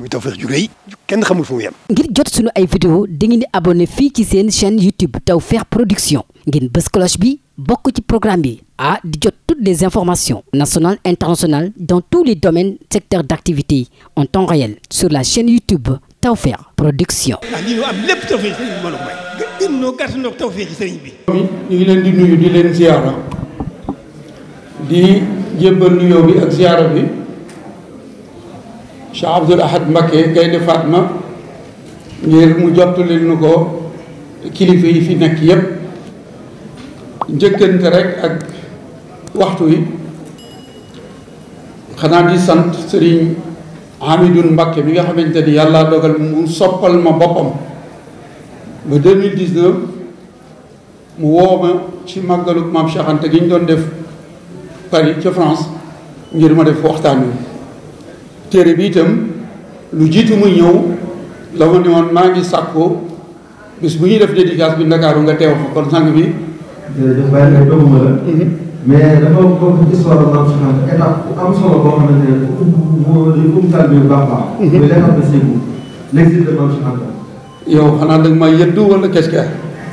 muy Tawfekh ju rëy kenn xamul fu mu yem. ngir jot sunu ay vidéo dangeen di abonné fii ci seen chaîne YouTube Tawfekh Production ngeen bës bi bokk ci programme bi ah di jot toutes les informations nationales internationales dans tous les domaines secteurs d'activité en temps réel sur la chaîne YouTube Tawfekh Production. ah lii ñu am lépp Tawfekh sëriñ bi mbooloo bi. ñu ngi leen di nuyu di leen ziyaara di jébbal nuyoo bi ak ziyaara bi. Cheikh Abdoul Ahad Mbacké Gaynde Fatma ngir mu jottali nu ko kilifa yi fi nekk yépp njëkkante rekk ak waxtu wi xanaa di sant Serigne Hamidou mbakke mi nga xamante ni yàlla dogal mu soppal ma boppam ba 2019 mu woo ci màggalu maam Cheikh Anta gi ñu doon def Paris ca France ngir ma def waxtaan wi téere bi itam lu jiitu muy ñëw la ma ne woon maa ngi bis bu ñuy def dédicace bi Ndakaaru nga teew fa sang bi. jërëjëf bàyyi nga doguma la. Mhm. mais dafa bokk ci histoire Maam Cheikh Anta étape bu am solo boo xamante ne bu bu bu bu tànn bu baax a ma mhm. yëddu wala quest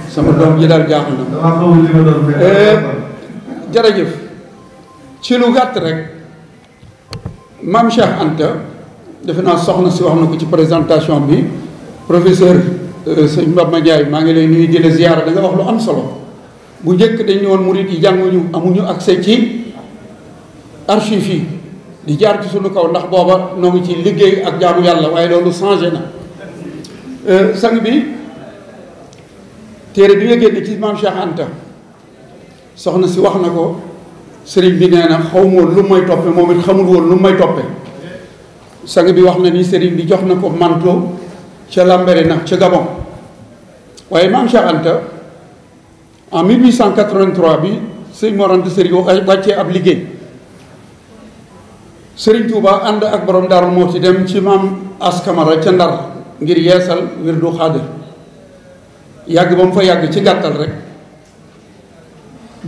sama doom ji daal jaaxal na. ma doon eh, ci lu rek Maam Cheikh defe naa soxna si wax na ko ci présentation bi professeur euh, sëñ Mbamba Ndiaye maa ngi lay nuyu jële la ziyaara da nga wax lu am solo bu njëkk dañ ne woon murid yi jànguñu amuñu accès ci archives yi di jaar ci suñu kaw ndax booba noo ci liggéey ak jaamu yàlla waaye loolu changé na euh, sang bi téere bi nga génn ci maam Cheikh soxna si wax na ko sëriñ bi nee na xaw ma lu may toppe moom it xamul woon lu may toppee sang bi wax na ni sëriñ bi jox na ko manteau ca Lambaréné ca Gabon waaye maam Cheikh Anta en 1883 bi sëñ Mor Anta Sali wàccee ab liggéey sëriñ Touba ànd ak borom Darou Mouhty dem ci maam Askamara ca Ndar ngir yeesal wirdu xaadir yàgg ba mu fa yàgg ci gàttal rek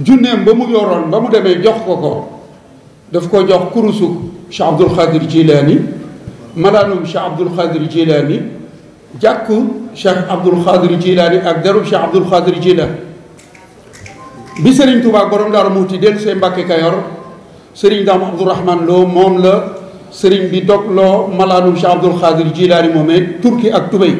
junneem ba mu yoroon ba mu demee jox ko ko daf ko jox kurusu Cheikh Abdul Xaadir Jilaani malaanum Cheikh Abdoul Khadir Jilaani jàkku Cheikh Abdoul Khadir Jilaani ak derub Cheikh Abdoul Khadir Jilaani bi Serigne Touba borom Daaru Muuti dellu see Mbàkke Kayor Serigne Dame Abdourahmane Lo moom la Serigne bi dog loo malaanum Cheikh Abdoul Khadir Jilaani moomee turki ak tubéy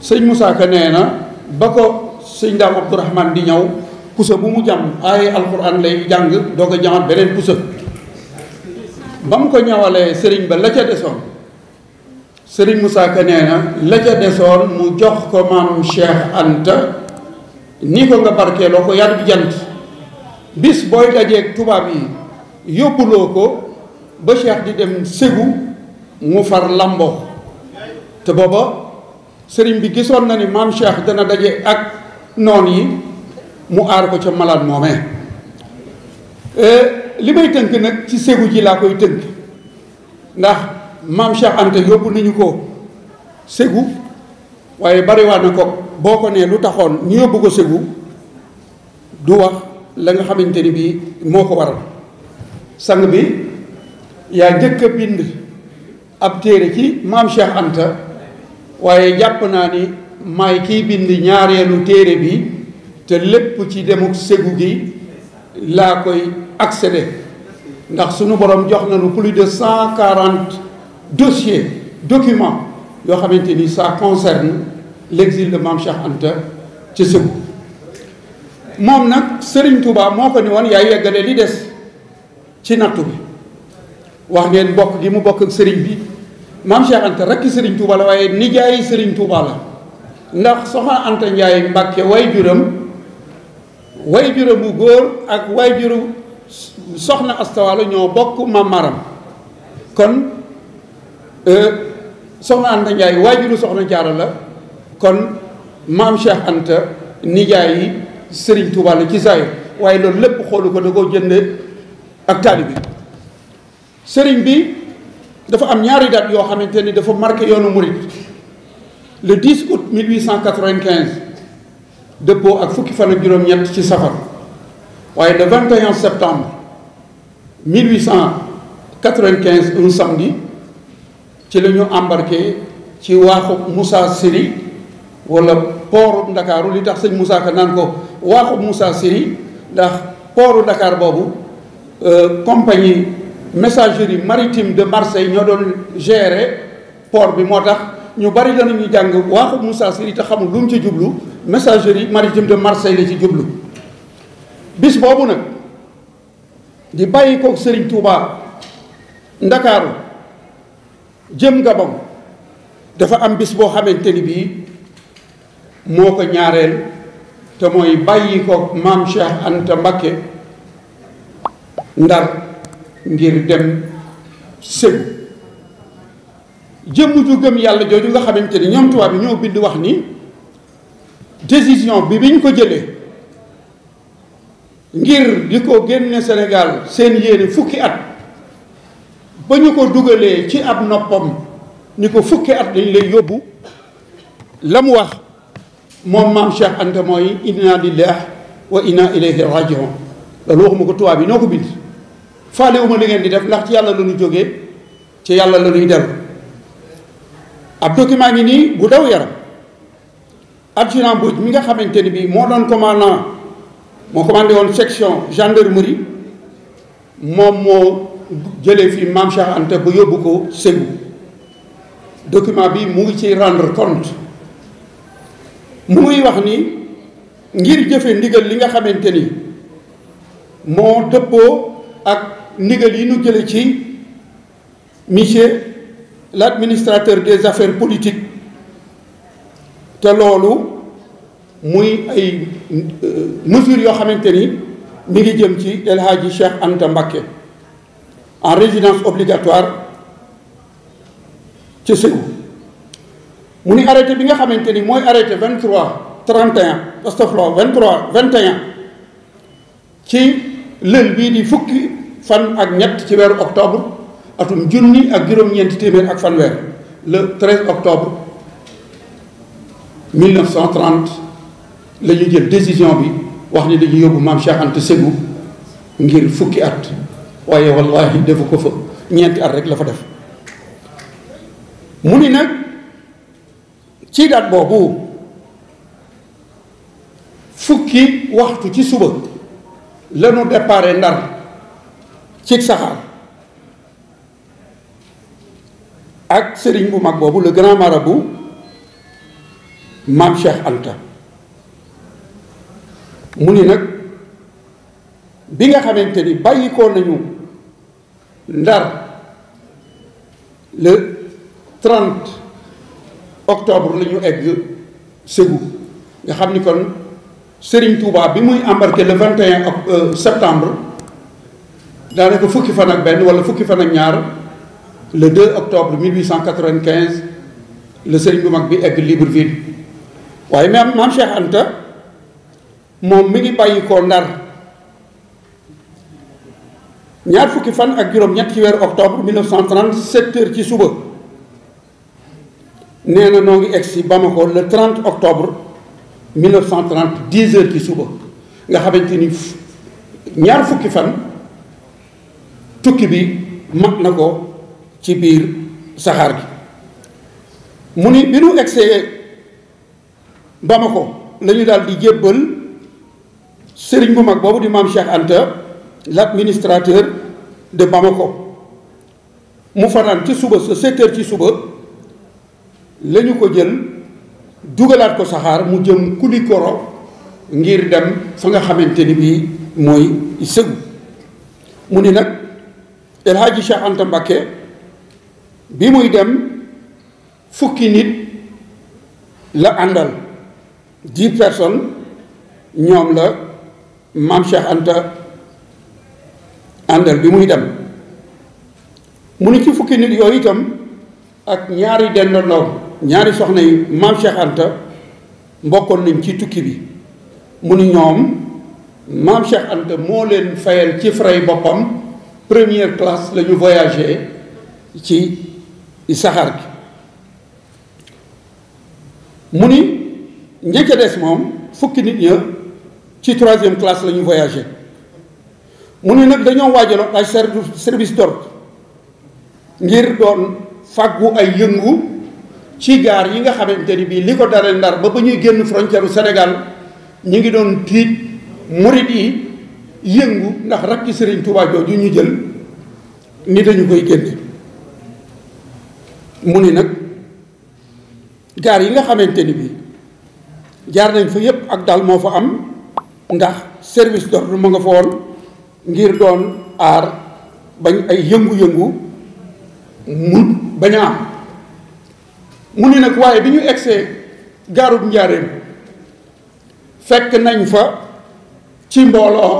sëñ Moussa Ka nee na ba ko sëñ Dame Abdourahmane di ñëw pusa bu mu jàmm aaye alquran lay jàng doog a jàmmat beneen pusa ba mu ko ñawalee sëriñ ba la ca desoon sëriñ Moussa Ka nee na la ca desoon mu jox ko maam Cheikh Anta ni ko nga barkeeloo ko yar bi bis booy dajeeg tubaab yi yóbbuloo ko ba Cheikh di dem Ségou mu far lamboo te booba sëriñ bi gisoon na ni maam Cheikh dana daje ak noon yi mu aar ko ca malade moomee eh, li may tënk nag ci ségu ji laa koy tënk ndax maam Cheikh Anta yóbbu nañu ko ségu waaye bariwaat na ko boo ko nee lu taxoon ñu yóbbu ko ségu du wax la nga xamante ni bii moo ko waral sang bi yaa njëkk a bind ab téere ci maam Cheikh waaye jàpp naa ni maay kiy bind ñaareelu téere bi te lépp ci demuk ségu gi laa koy ak accéder ndax suñu borom jox nañu plus de cent quarante dossiers documents yoo xamante ni ça concerne l'exil de Mame Cheikh ci Ségou moom nag sëriñ Touba moo ko ni woon yaay yeggale li des ci nattu bi wax ngeen bokk gi mu bokk ak Serigne bi Mame Cheikh Anta rekk Serigne Touba la waaye nijaayi Serigne Touba la ndax soxna Anta Ndiaye Mbàkke way juram way juram góor ak way juru soxna astawaalo ñoo bokk maam maram kon euh, soxna Anta Ndiaye waajuru soxna jaara la kon maam Cheikh Anta nijaay yi Serigne Touba ci saayir waaye loolu lépp xoolu ko da koo jënde ak taalibi Serigne bi dafa am ñaari date yoo xamante ni dafa marqué yoonu Mouride le 10 août 1895 dëppoo ak fukki fan ak juróom-ñett ci safar waaye le septembre 1895 un samedi ci la ñu embarqué ci waaxu Moussa Siri wala pooru Ndakaaru li tax sëñ Moussa Ka naan ko waaxu Moussa Siri ndax pooru ndakaar boobu euh, compagnie messagerie maritime de Marseille ñoo doon gérer port bi moo tax ñu bari danañu jàng waaxu Moussa Siri te xamul lu mu ci jublu messagerie maritime de Marseille la ci jublu bis boobu nag. di bàyyi kook sëriñ Touba ndakaaru jëm Gabon dafa am bis boo xamante ni bii moo ko ñaareel te mooy bàyyi kook maam Cheikh Anta Mbakke ndar ngir dem Ségou jëmm ju gëm yàlla jooju nga xamante ni ñoom tubaab bi ñoo bind wax ni décision bi bi ñu ko jëlee ngir di ko génne Sénégal seen yéene fukki at ba ñu ko dugalee ci ab noppam ni ko fukki at dañ lay yóbbu la mu wax moom maam Cheikh Anta mooy inna lillah wa inna ilayhi rajiun loolu waxuma ko tubaab yi ñoo ko bind faalewuma li ngeen di def ndax ci yàlla la ñu jógee ci yàlla la ñuy dellu ab document ngi nii bu daw yaram adjudant Mbodj mi nga xamante ni bii moo doon commandant moo commandé woon section gendarmerie moom moo jële fi Maam Cheikh ba yóbbu ko Ségou document bi mu ngi ci rendre compte mu ngi wax ni ngir jëfe ndigal li nga xamante ni moo dëppoo ak ndigal yi nu jële ci monsieur l'administrateur des affaires politiques te loolu muy ay euh, mesures yoo xamante ni mi ngi jëm ci El Hadji Cheikh Anta Mbacké en résidence obligatoire ci Ségou mu ni arrêté bi nga xamante ni mooy arrêté 23 31 astafurlah vingt 21 ci lël bii di fukki fan ak ñett ci weeru octobre atum junni ak juróom-ñeenti téeméer ak fanweer le 13 octobre 1930 lañu ñu jël décision bi wax ni dañu yóbbu maam Cheikh Anta Ségou ngir fukki at waaye wallahi defu ko fa ñeenti at rek la fa def mu ni nag ci daat boobu fukki waxtu ci suba lañu déparé ndar ci saxaar ak sëriñ bu mag boobu le grand marabout maam Cheikh Anta mu ni nag bi nga xamante ni bàyyikoo nañu ndar le 30 octobre la ñu egg Ségou nga xam ni kon Serigne Touba bi muy embarqué le vingt 21 euh, septembre daanaka fukki fan ak benn wala fukki fan ak ñaar le 2 octobre 1895 le Serigne bu mag bi egg libre Libreville waaye maam maam Cheikh Anta. moom mi ngi bàyyi ko ndar ñaar fukki fan ak juróom-ñett ci weeru octobre 1930 sept heures ci suba nee na noo ngi egg si Bamako le 30 octobre 1930 10 heures ci suba nga xamante ni ñaar fukki fan tukki bi mat na ko ci biir saxaar bi mu ni bi nu eggsee Bamako la ñu daal di jébbal sëriñ bu mag boobu di maam Cheikh Anta l'administrateur de Bamako mu fanaan ci suba sa sept ci suba la ko jël dugalaat ko saxaar mu jëm Koulikoro ngir dem fa nga xamante ni bii mooy sëgu mu ni nag El Hadji Cheikh Anta Mbacké bi muy dem fukki nit la àndal dix personnes ñoom la maam Cheikh Anta àndal bi muy dem mu ne ci fukki nit yooyu itam ak ñaari dendandoom ñaari soxna yi maam Cheikh Anta mbokkoon nañ ci tukki bi mu ne ñoom maam Cheikh Anta moo leen fayal ci fray boppam première classe lañu ñu voyagé ci saxaar gi mu ni njëkk des moom fukki nit ña ci troisième classe lañu ñu voyagé mu ne nag dañoo waajaloon ay service d'ordre ngir doon fàggu ay yëngu ci gaar yi nga xamante ni bii li ko dara ndar ba ba ñuy génn frontière u Sénégal ñu ngi doon tiit murit yi yëngu ndax rakki Sëriñ Tuubaa jooju ñu jël ni dañu koy génne mu ni nag gaar yi nga xamante ni bii jaar nañ fa yépp ak daal moo fa am ndax service d'ordre mu nga foon ngir doon aar bañ ay yëngu-yëngu mu bañ a am mu ni nag waaye bi ñu egsee gaarub njaareem fekk nañ fa ci mbooloo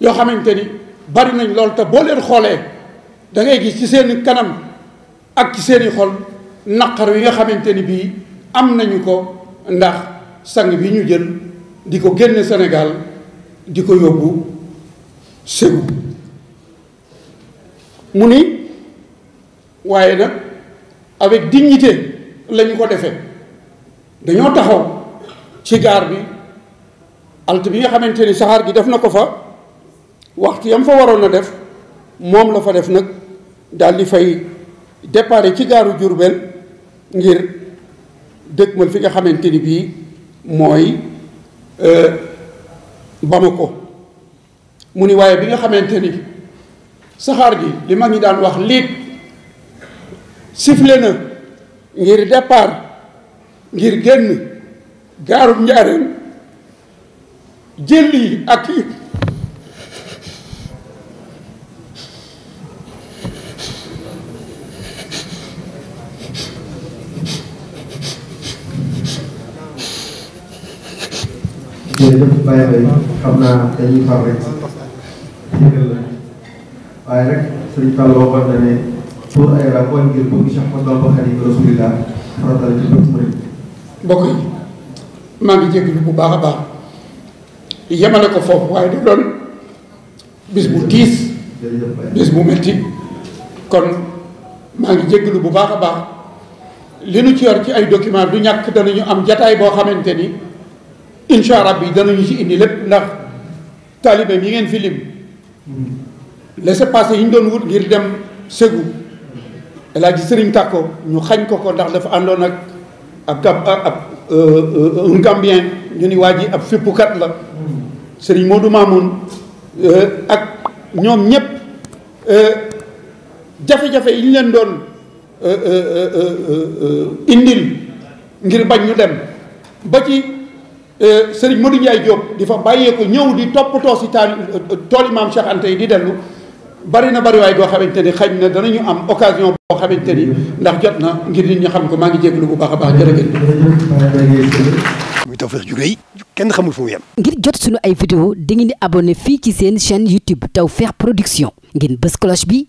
yoo xamante ni bari nañ lool te boo leen xoolee da ngay gis ci seeni kanam ak ci seeni xol naqar wi nga xamante ni bii am nañu ko ndax sang bi ñu jël di ko génne Sénégal di ko yóbbu Ségou mu ni waaye nag avec dignité lañu ko defee dañoo taxaw ci gaar bi alt bi nga xamante ni saxaar bi def na ko fa waxtu yam fa waroon na def moom la fa def nag daal di fay dépare ci gaaru Jurbel ngir dëkkmal fi nga xamante ni bii mooy Euh, ko mu ni waaye bi nga xamante ni saxaar gi li mag ñi daan wax liit sifle na ngir départ ngir génn gaarub njaareem jël yi ak jërëjëf Baye xam naa rek yëgal la waaye rek sëñ Fall waxoon na ne pour ay yi maa ngi jégalu bu baax a baax yemale ko foofu waaye du doon bis bu tiis bis bu métti kon maa ngi jégalu bu baax a baax li nu ci yor ci ay document du ñàkk danañu am jataay boo xamante ni incha rabbi ñu ci indi lépp ndax taalibe yi ngeen fi lim laissez-passer yi ñu doon wut ngir dem Ségou El Hadj Serigne Tako ñu xañ ko ko ndax dafa àndoon ak ab ab euh, un Gambien ñu ni waa ji ab fippukat la Serigne Modou Mamoun euh, ak ñoom ñëpp euh, jafe-jafe yi ñu leen doon indil ngir bañ ñu dem ba ci. Euh, sëriñ Modou Ndiaye Diop di fa bàyyeeku ñëw di toppatoo si taal euh, euh, tooli maam Cheikh Anta yi di dellu bari na bari waay goo xamante ni xëy na ñu am occasion boo xamante ni ndax jot na ngir nit ñi xam ko maa ngi jégalu bu baax a baax jërëjëf. muy Tawfekh jugee yi kenn xamul fu mu ngir jot suñu ay vidéo dangeen di abonné fii ci seen chaîne YouTube Tawfekh Production ngeen bës cloche bi.